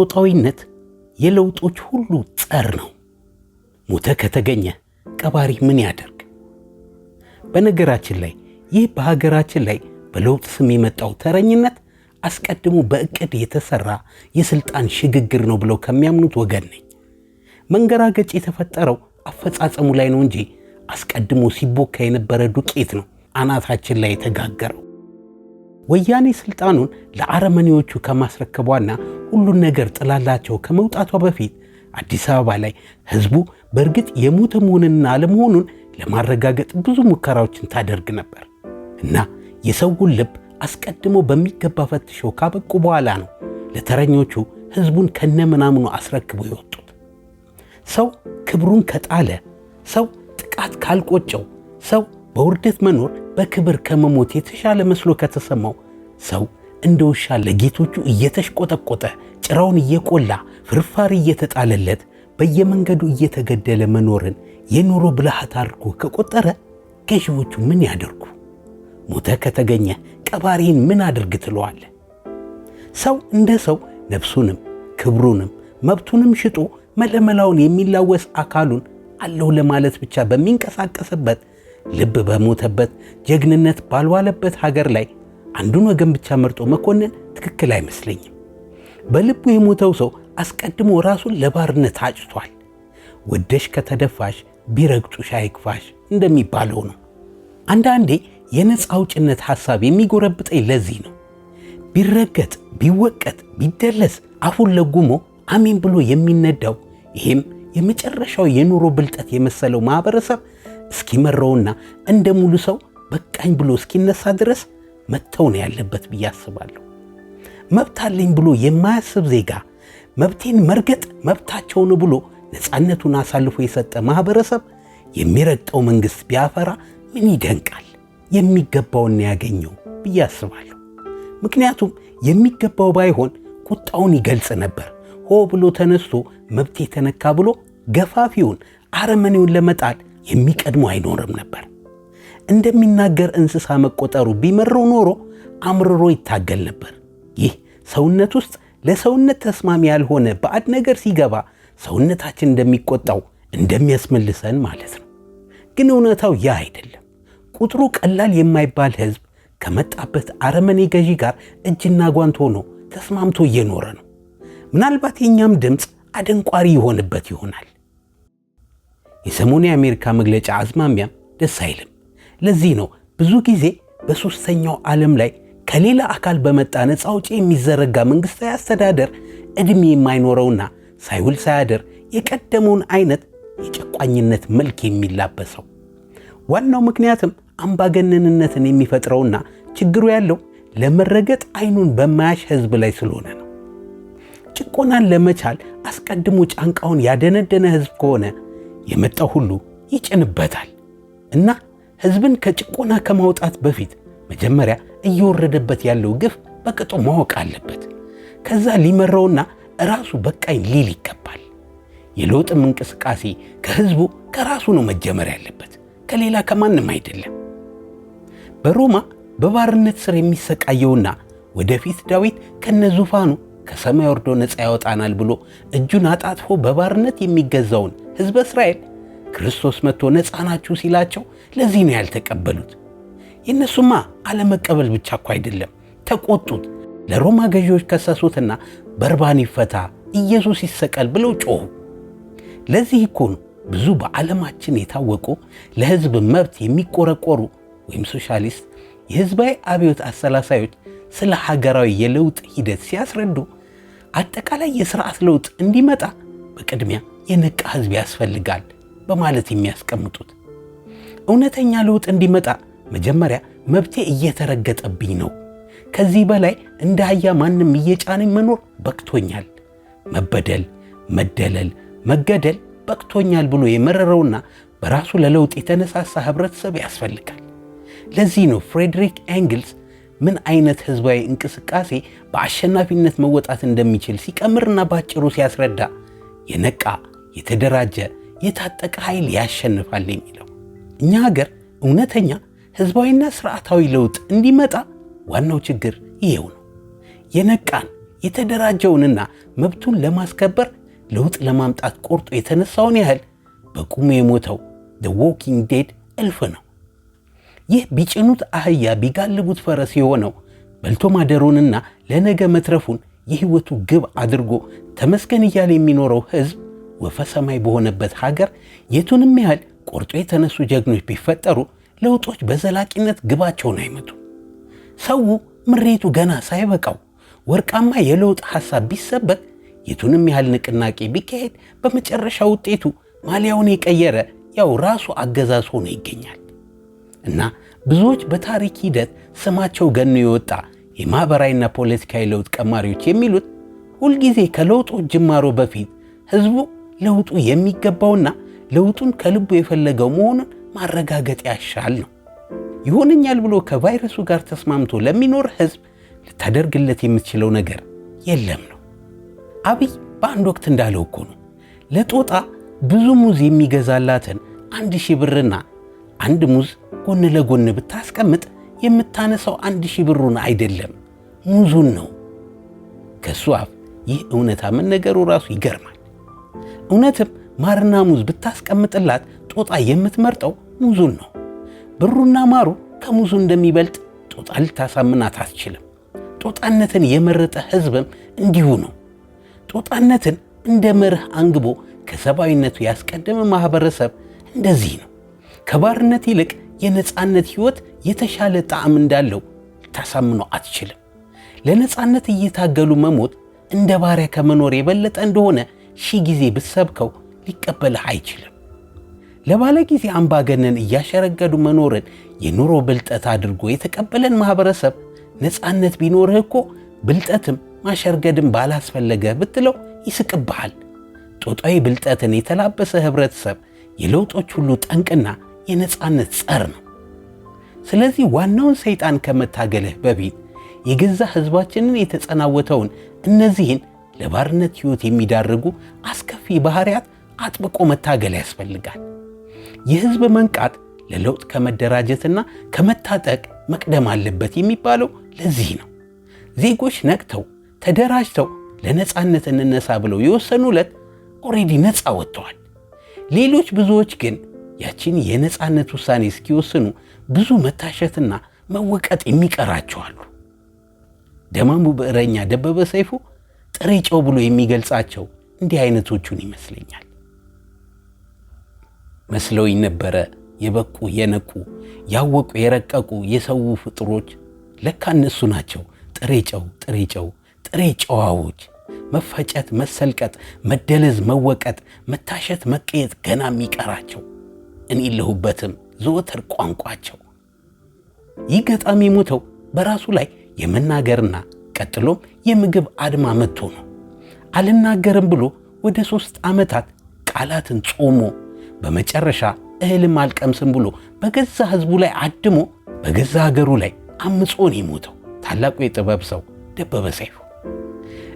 ጦጣዊነት የለውጦች ሁሉ ጸር ነው። ሞተ ከተገኘ ቀባሪ ምን ያደርግ? በነገራችን ላይ ይህ በሀገራችን ላይ በለውጥ ስም የመጣው ተረኝነት አስቀድሞ በእቅድ የተሰራ የስልጣን ሽግግር ነው ብለው ከሚያምኑት ወገን ነኝ። መንገራገጭ የተፈጠረው አፈጻጸሙ ላይ ነው እንጂ አስቀድሞ ሲቦካ የነበረ ዱቄት ነው አናታችን ላይ የተጋገረው። ወያኔ ስልጣኑን ለአረመኔዎቹ ከማስረከቧና ሁሉን ነገር ጥላላቸው ከመውጣቷ በፊት አዲስ አበባ ላይ ህዝቡ በእርግጥ የሞተ መሆንና አለመሆኑን ለማረጋገጥ ብዙ ሙከራዎችን ታደርግ ነበር እና የሰውን ልብ አስቀድሞ በሚገባ ፈትሸው ካበቁ በኋላ ነው ለተረኞቹ ህዝቡን ከነምናምኑ አስረክቦ የወጡት። ሰው ክብሩን ከጣለ፣ ሰው ጥቃት ካልቆጨው፣ ሰው በውርደት መኖር በክብር ከመሞት የተሻለ መስሎ ከተሰማው ሰው እንደ ውሻ ለጌቶቹ እየተሽቆጠቆጠ ጭራውን እየቆላ ፍርፋሪ እየተጣለለት በየመንገዱ እየተገደለ መኖርን የኑሮ ብልሃት አድርጎ ከቆጠረ ገዢዎቹ ምን ያደርጉ? ሞተ ከተገኘ ቀባሪን ምን አድርግ ትለዋለ? ሰው እንደ ሰው ነፍሱንም ክብሩንም መብቱንም ሽጦ መለመላውን የሚላወስ አካሉን አለው ለማለት ብቻ በሚንቀሳቀስበት ልብ በሞተበት ጀግንነት ባልዋለበት ሀገር ላይ አንዱን ወገን ብቻ መርጦ መኮንን ትክክል አይመስለኝም። በልቡ የሞተው ሰው አስቀድሞ ራሱን ለባርነት አጭቷል። ወደሽ ከተደፋሽ ቢረግጡሽ አይክፋሽ እንደሚባለው ነው። አንዳንዴ የነፃ አውጭነት ሐሳብ የሚጎረብጠኝ ለዚህ ነው። ቢረገጥ፣ ቢወቀጥ፣ ቢደለስ አፉን ለጉሞ አሜን ብሎ የሚነዳው ይህም የመጨረሻው የኑሮ ብልጠት የመሰለው ማኅበረሰብ እስኪመረውና እንደ ሙሉ ሰው በቃኝ ብሎ እስኪነሳ ድረስ መጥተው ነው ያለበት ብዬ አስባለሁ። መብት አለኝ ብሎ የማያስብ ዜጋ መብቴን መርገጥ መብታቸውን ብሎ ነፃነቱን አሳልፎ የሰጠ ማህበረሰብ የሚረግጠው መንግሥት ቢያፈራ ምን ይደንቃል? የሚገባውን ያገኘው ብዬ አስባለሁ። ምክንያቱም የሚገባው ባይሆን ቁጣውን ይገልጽ ነበር። ሆ ብሎ ተነስቶ መብቴ ተነካ ብሎ ገፋፊውን አረመኔውን ለመጣል የሚቀድሙ አይኖርም ነበር። እንደሚናገር እንስሳ መቆጠሩ ቢመረው ኖሮ አምርሮ ይታገል ነበር። ይህ ሰውነት ውስጥ ለሰውነት ተስማሚ ያልሆነ ባዕድ ነገር ሲገባ ሰውነታችን እንደሚቆጣው እንደሚያስመልሰን ማለት ነው። ግን እውነታው ያ አይደለም። ቁጥሩ ቀላል የማይባል ሕዝብ ከመጣበት አረመኔ ገዢ ጋር እጅና ጓንት ሆኖ ተስማምቶ እየኖረ ነው። ምናልባት የእኛም ድምፅ አደንቋሪ ይሆንበት ይሆናል። የሰሞኑ የአሜሪካ መግለጫ አዝማሚያም ደስ አይልም። ለዚህ ነው ብዙ ጊዜ በሦስተኛው ዓለም ላይ ከሌላ አካል በመጣ ነፃ አውጪ የሚዘረጋ መንግሥታዊ አስተዳደር ዕድሜ የማይኖረውና ሳይውል ሳያደር የቀደመውን አይነት የጨቋኝነት መልክ የሚላበሰው። ዋናው ምክንያትም አምባገነንነትን የሚፈጥረውና ችግሩ ያለው ለመረገጥ አይኑን በማያሽ ሕዝብ ላይ ስለሆነ ነው። ጭቆናን ለመቻል አስቀድሞ ጫንቃውን ያደነደነ ሕዝብ ከሆነ የመጣው ሁሉ ይጭንበታል እና ህዝብን ከጭቆና ከማውጣት በፊት መጀመሪያ እየወረደበት ያለው ግፍ በቅጡ ማወቅ አለበት። ከዛ ሊመራውና ራሱ በቃኝ ሊል ይገባል። የለውጥም እንቅስቃሴ ከህዝቡ ከራሱ ነው መጀመር ያለበት፣ ከሌላ ከማንም አይደለም። በሮማ በባርነት ስር የሚሰቃየውና ወደፊት ዳዊት ከነዙፋኑ ከሰማይ ወርዶ ነፃ ያወጣናል ብሎ እጁን አጣጥፎ በባርነት የሚገዛውን ህዝበ እስራኤል ክርስቶስ መጥቶ ነፃ ናችሁ ሲላቸው ለዚህ ነው ያልተቀበሉት። የእነሱማ አለመቀበል ብቻ እኮ አይደለም፣ ተቆጡት። ለሮማ ገዢዎች ከሰሱትና በርባን ይፈታ፣ ኢየሱስ ይሰቀል ብለው ጮኹ። ለዚህ እኮ ነው ብዙ በዓለማችን የታወቁ ለሕዝብ መብት የሚቆረቆሩ ወይም ሶሻሊስት የሕዝባዊ አብዮት አሰላሳዮች ስለ ሀገራዊ የለውጥ ሂደት ሲያስረዱ አጠቃላይ የስርዓት ለውጥ እንዲመጣ በቅድሚያ የነቃ ሕዝብ ያስፈልጋል በማለት የሚያስቀምጡት። እውነተኛ ለውጥ እንዲመጣ መጀመሪያ መብቴ እየተረገጠብኝ ነው፣ ከዚህ በላይ እንደ አህያ ማንም እየጫነኝ መኖር በቅቶኛል፣ መበደል፣ መደለል፣ መገደል በቅቶኛል ብሎ የመረረውና በራሱ ለለውጥ የተነሳሳ ህብረተሰብ ያስፈልጋል። ለዚህ ነው ፍሬድሪክ ኤንግልስ ምን አይነት ህዝባዊ እንቅስቃሴ በአሸናፊነት መወጣት እንደሚችል ሲቀምርና በአጭሩ ሲያስረዳ የነቃ የተደራጀ የታጠቀ ኃይል ያሸንፋል የሚለው እኛ ሀገር እውነተኛ ህዝባዊና ስርዓታዊ ለውጥ እንዲመጣ ዋናው ችግር ይሄው ነው። የነቃን የተደራጀውንና መብቱን ለማስከበር ለውጥ ለማምጣት ቆርጦ የተነሳውን ያህል በቁሙ የሞተው ደ ዎኪንግ ዴድ እልፍ ነው። ይህ ቢጭኑት አህያ ቢጋልቡት ፈረስ የሆነው በልቶ ማደሩንና ለነገ መትረፉን የህይወቱ ግብ አድርጎ ተመስገን እያለ የሚኖረው ህዝብ ወፈ ሰማይ በሆነበት ሀገር የቱንም ያህል ቆርጦ የተነሱ ጀግኖች ቢፈጠሩ ለውጦች በዘላቂነት ግባቸውን አይመጡ። ሰው ምሬቱ ገና ሳይበቃው ወርቃማ የለውጥ ሐሳብ ቢሰበክ የቱንም ያህል ንቅናቄ ቢካሄድ በመጨረሻ ውጤቱ ማሊያውን የቀየረ ያው ራሱ አገዛዝ ሆኖ ይገኛል እና ብዙዎች በታሪክ ሂደት ስማቸው ገኖ የወጣ የማኅበራዊና ፖለቲካዊ ለውጥ ቀማሪዎች የሚሉት ሁልጊዜ ከለውጦች ጅማሮ በፊት ሕዝቡ ለውጡ የሚገባውና ለውጡን ከልቡ የፈለገው መሆኑን ማረጋገጥ ያሻል ነው። ይሆነኛል ብሎ ከቫይረሱ ጋር ተስማምቶ ለሚኖር ህዝብ ልታደርግለት የምትችለው ነገር የለም ነው። አብይ በአንድ ወቅት እንዳለው እኮ ነው ለጦጣ ብዙ ሙዝ የሚገዛላትን አንድ ሺህ ብርና አንድ ሙዝ ጎን ለጎን ብታስቀምጥ የምታነሳው አንድ ሺህ ብሩን አይደለም ሙዙን ነው። ከእሱ አፍ ይህ እውነታ መነገሩ ራሱ ይገርማል። እውነትም ማርና ሙዝ ብታስቀምጥላት ጦጣ የምትመርጠው ሙዙን ነው። ብሩና ማሩ ከሙዙ እንደሚበልጥ ጦጣ ልታሳምናት አትችልም። ጦጣነትን የመረጠ ሕዝብም እንዲሁ ነው። ጦጣነትን እንደ መርህ አንግቦ ከሰብአዊነቱ ያስቀደመ ማህበረሰብ እንደዚህ ነው። ከባርነት ይልቅ የነፃነት ሕይወት የተሻለ ጣዕም እንዳለው ልታሳምኖ አትችልም። ለነፃነት እየታገሉ መሞት እንደ ባሪያ ከመኖር የበለጠ እንደሆነ ሺህ ጊዜ ብትሰብከው ሊቀበልህ አይችልም። ለባለ ጊዜ አምባገነን እያሸረገዱ መኖርን የኑሮ ብልጠት አድርጎ የተቀበለን ማኅበረሰብ ነፃነት ቢኖርህ እኮ ብልጠትም ማሸርገድም ባላስፈለገ ብትለው ይስቅብሃል። ጦጣዊ ብልጠትን የተላበሰ ኅብረተሰብ የለውጦች ሁሉ ጠንቅና የነፃነት ጸር ነው። ስለዚህ ዋናውን ሰይጣን ከመታገልህ በፊት የገዛ ሕዝባችንን የተጸናወተውን እነዚህን ለባርነት ሕይወት የሚዳርጉ አስከፊ ባህሪያት አጥብቆ መታገል ያስፈልጋል። የሕዝብ መንቃት ለለውጥ ከመደራጀትና ከመታጠቅ መቅደም አለበት የሚባለው ለዚህ ነው። ዜጎች ነቅተው ተደራጅተው ለነፃነት እንነሳ ብለው የወሰኑ ዕለት ኦሬዲ ነፃ ወጥተዋል። ሌሎች ብዙዎች ግን ያችን የነፃነት ውሳኔ እስኪወስኑ ብዙ መታሸትና መወቀጥ የሚቀራቸዋሉ። ደማሙ ብዕረኛ ደበበ ሰይፉ ጥሬ ጨው ብሎ የሚገልጻቸው እንዲህ አይነቶቹን ይመስለኛል። መስለውኝ ነበረ የበቁ የነቁ ያወቁ የረቀቁ የሰው ፍጥሮች ለካ እነሱ ናቸው ጥሬ ጨው ጥሬ ጨው ጥሬ ጨዋዎች መፈጨት መሰልቀጥ መደለዝ መወቀጥ መታሸት መቀየጥ ገና የሚቀራቸው እኔ ለሁበትም ዘወትር ቋንቋቸው ይህ ገጣሚ ሞተው በራሱ ላይ የመናገርና ቀጥሎም የምግብ አድማ መጥቶ ነው። አልናገርም ብሎ ወደ ሦስት ዓመታት ቃላትን ጾሞ በመጨረሻ እህልም አልቀምስም ብሎ በገዛ ሕዝቡ ላይ አድሞ በገዛ ሀገሩ ላይ አምጾን የሞተው ታላቁ የጥበብ ሰው ደበበ ሰይፉ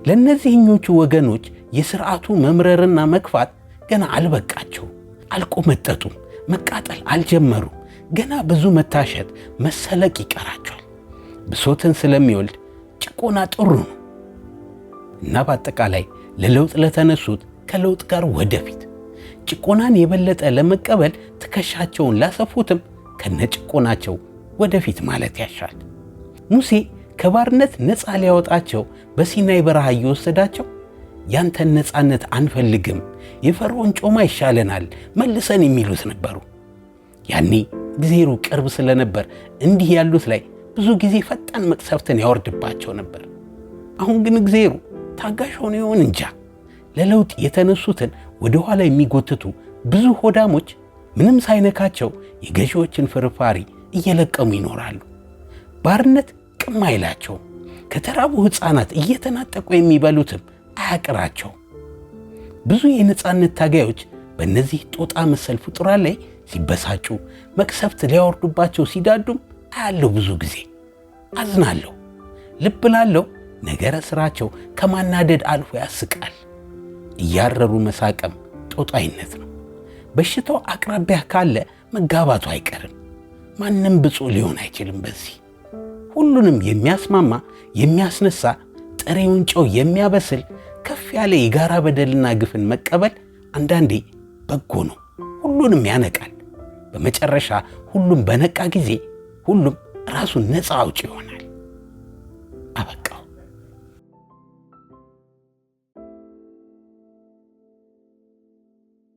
ለእነዚህኞቹ ወገኖች የሥርዓቱ መምረርና መክፋት ገና አልበቃቸው፣ አልቆመጠጡም፣ መቃጠል አልጀመሩም። ገና ብዙ መታሸት፣ መሰለቅ ይቀራቸዋል። ብሶትን ስለሚወልድ ዲያቆና ጥሩ ነው እና በአጠቃላይ ለለውጥ ለተነሱት ከለውጥ ጋር ወደፊት ጭቆናን የበለጠ ለመቀበል ትከሻቸውን ላሰፉትም ከነጭቆናቸው ወደፊት ማለት ያሻል። ሙሴ ከባርነት ነፃ ሊያወጣቸው በሲናይ በረሃ እየወሰዳቸው ያንተን ነፃነት አንፈልግም፣ የፈርዖን ጮማ ይሻለናል መልሰን የሚሉት ነበሩ። ያኔ እግዜሩ ቅርብ ስለነበር እንዲህ ያሉት ላይ ብዙ ጊዜ ፈጣን መቅሰፍትን ያወርድባቸው ነበር። አሁን ግን እግዜሩ ታጋሽ ሆኖ ይሆን እንጃ። ለለውጥ የተነሱትን ወደኋላ የሚጎትቱ ብዙ ሆዳሞች ምንም ሳይነካቸው የገዢዎችን ፍርፋሪ እየለቀሙ ይኖራሉ። ባርነት ቅም አይላቸው ከተራቡ ሕፃናት እየተናጠቁ የሚበሉትም አያቅራቸው ብዙ የነፃነት ታጋዮች በእነዚህ ጦጣ መሰል ፍጡራን ላይ ሲበሳጩ መቅሰፍት ሊያወርዱባቸው ሲዳዱም አያለሁ። ብዙ ጊዜ አዝናለሁ። ልብ ላለው ነገረ ስራቸው ከማናደድ አልፎ ያስቃል። እያረሩ መሳቀም ጦጣይነት ነው። በሽታው አቅራቢያ ካለ መጋባቱ አይቀርም። ማንም ብፁዕ ሊሆን አይችልም። በዚህ ሁሉንም የሚያስማማ የሚያስነሳ ጥሬውን ጨው የሚያበስል ከፍ ያለ የጋራ በደልና ግፍን መቀበል አንዳንዴ በጎ ነው። ሁሉንም ያነቃል። በመጨረሻ ሁሉም በነቃ ጊዜ ሁሉም ራሱን ነፃ አውጭ ይሆናል።